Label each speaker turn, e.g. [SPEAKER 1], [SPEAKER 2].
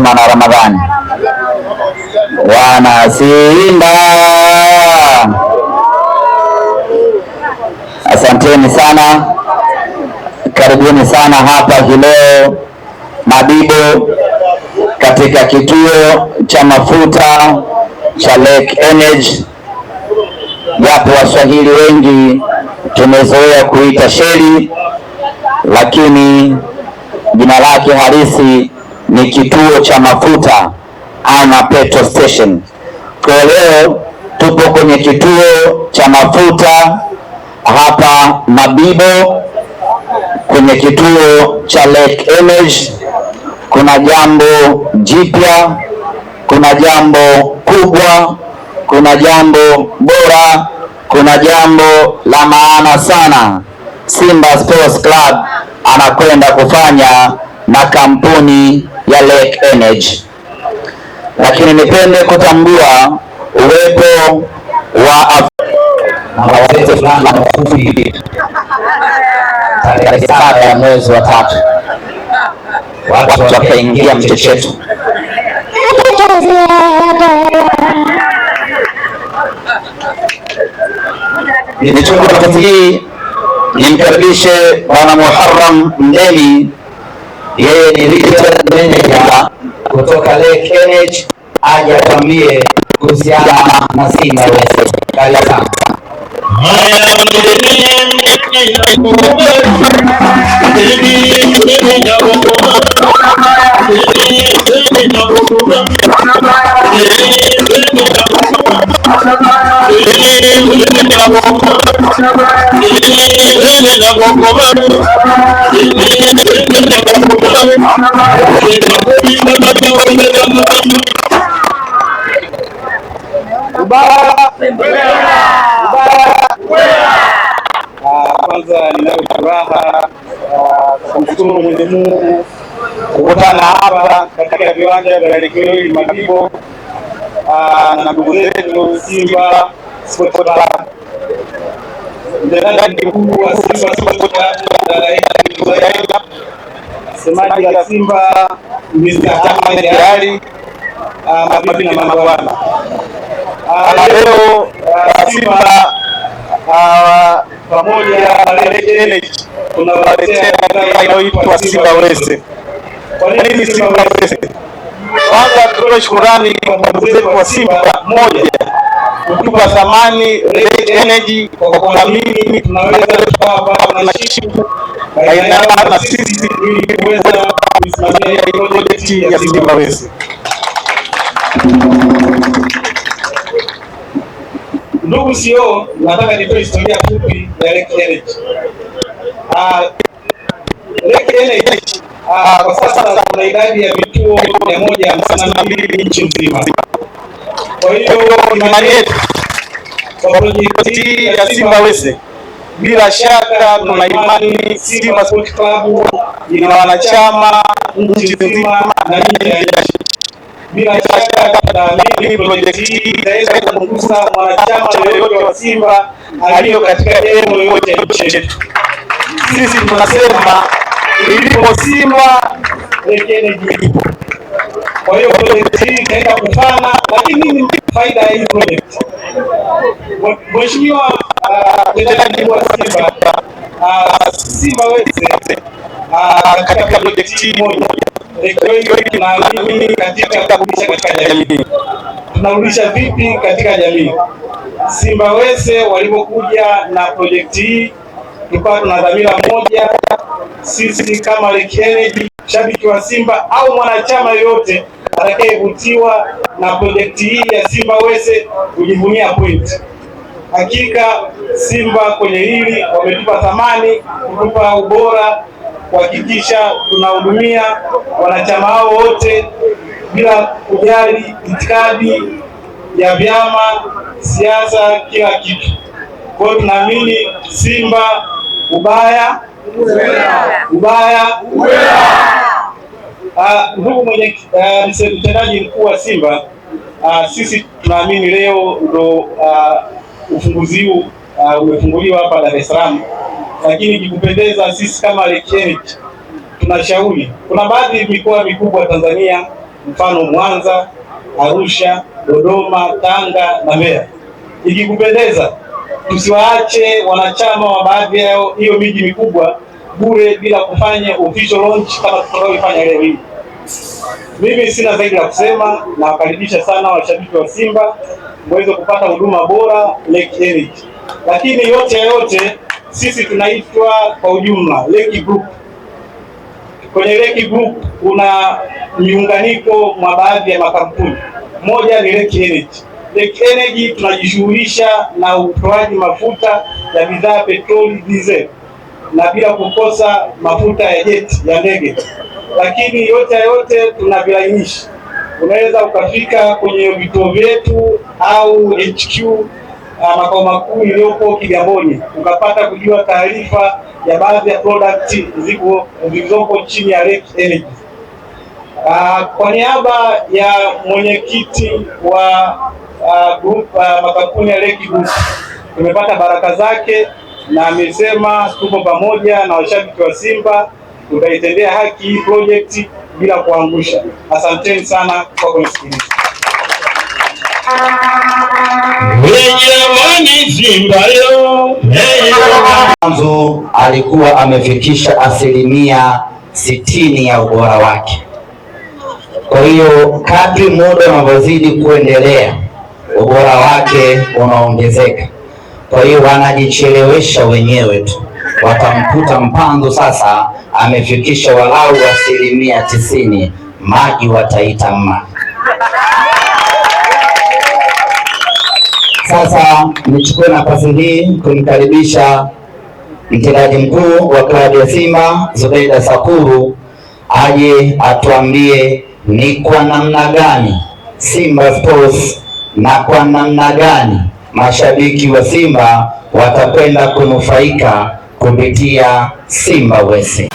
[SPEAKER 1] Neema na Ramadhani wanasimba, asanteni sana, karibuni sana hapa hileo Mabibo katika kituo cha mafuta cha Lake Energy, japo Waswahili wengi tumezoea kuita Sheli, lakini jina lake halisi ni kituo cha mafuta ama petrol station. Kwa leo tupo kwenye kituo cha mafuta hapa Mabibo, kwenye kituo cha Lake Image. Kuna jambo jipya, kuna jambo kubwa, kuna jambo bora, kuna jambo la maana sana Simba Sports Club anakwenda kufanya na kampuni ya Lake Energy, lakini nipende kutambua uwepo wa
[SPEAKER 2] awaweze fulana mafupi tarehe saba ya mwezi wa tatu watu wakaingia mchechetu
[SPEAKER 1] nafasi hii nimkaribishe Bwana Muharram Mdeni yeye ni Richard Menyanya kutoka Lake Kennedy aje atuambie kuhusiana na Simba Karibu sana. Kwanza ninayo furaha kumshukuru Mwenyezi Mungu kukutana hapa katika viwanja vya Likuyoni Mabibo na ndugu zetu Simba Sports Club. Mtendaji mkuu wa Simba Sports Club msemaji wa Simba Ali ah, mabibi ah, ah, na mabwana, leo Simba pamoja tunawaletea inayoitwa Simba Kwa nini Simba Kwanza tutoe shukurani kwa ndugu zetu wa Simba moja kutupa thamani Energy kwa kuamini tunaweza wananchi baina na sisi projekti ya Simawezi. Ndugu CEO, nataka nitoe historia fupi ya Lake Energy. Ah, Lake Energy ah, kwa sasa kuna idadi ya vituo 152 nchi nzima. Kwa hiyo imani yetu kwa projekti ya Simawezi bila shaka tuna imani Simba Sports Club ina wanachama nchi nzima na nje ya nchi. Bila shaka tunaamini project hii itaweza kupunguza mwanachama yoyote wa Simba aliyo katika eneo yoyote ya nchi yetu. Sisi tunasema ilipo Simba lekeni jipo. Kwa hiyo project hii itaenda kufana, lakini nini faida ya hii project? Mheshimiwa utendaji wa Simba ah, Simba weze ah, katika projekti moja katika kurudisha katika jamii, tunarudisha vipi katika jamii? Simba wese walipokuja na projekti hii tulikuwa tuna dhamira moja, sisi kama Lake shabiki wa Simba au mwanachama yoyote atakayevutiwa na projekti hii ya Simba wese kujivunia pointi Hakika Simba kwenye hili wametupa thamani, kutupa ubora, kuhakikisha tunahudumia wanachama hao wote bila kujali itikadi ya vyama siasa, kila kitu. Kwa hiyo tunaamini Simba ubaya ubaya, ubaya. Ah, ndugu mwenye ah, mtendaji mkuu wa Simba, ah, sisi tunaamini leo ndo ufunguzi huu uh, umefunguliwa hapa Dar es Salaam, lakini ikikupendeza, sisi kama Leknet tunashauri, kuna baadhi ya mikoa mikubwa Tanzania, mfano Mwanza, Arusha, Dodoma, Tanga na Mbeya. Ikikupendeza, tusiwaache wanachama wa baadhi yao hiyo miji mikubwa bure bila kufanya official launch kama tutakavyofanya leo hii. Mimi sina zaidi ya kusema, nawakaribisha sana washabiki wa Simba mweze kupata huduma bora Lake Energy. lakini yote yote sisi tunaitwa kwa ujumla Lake Group. Kwenye Lake Group kuna miunganiko mwa baadhi ya makampuni, moja ni Lake Energy. Lake Energy tunajishughulisha na utoaji mafuta ya bidhaa petroli diesel na bila kukosa mafuta ya jeti ya ndege. Lakini yote yote tuna vilainishi, unaweza ukafika kwenye vituo vyetu au HQ ah, makao makuu iliyopo Kigamboni ukapata kujua taarifa ya baadhi ya product zilizoko chini ya Rex Energy. Ah, kwa niaba ya mwenyekiti wa uh, group uh, makampuni ya Rex Group tumepata baraka zake na amesema tuko pamoja na washabiki wa Simba, tutaitendea haki hii project bila kuangusha. Asanteni sana kwa kunisikiliza.
[SPEAKER 3] Mwanzo alikuwa amefikisha asilimia sitini ya ubora wake. Kwa hiyo kadri muda unavyozidi kuendelea, ubora wake unaongezeka. Kwa hiyo wanajichelewesha wenyewe tu, watamkuta mpango sasa amefikisha walau asilimia tisini, maji wataita ma. Sasa nichukue nafasi hii kumkaribisha mtendaji mkuu wa klabu ya Simba Zubeida Sakuru aje atuambie ni kwa namna gani Simba Sports na kwa namna gani mashabiki wa Simba watakwenda kunufaika kupitia Simba wese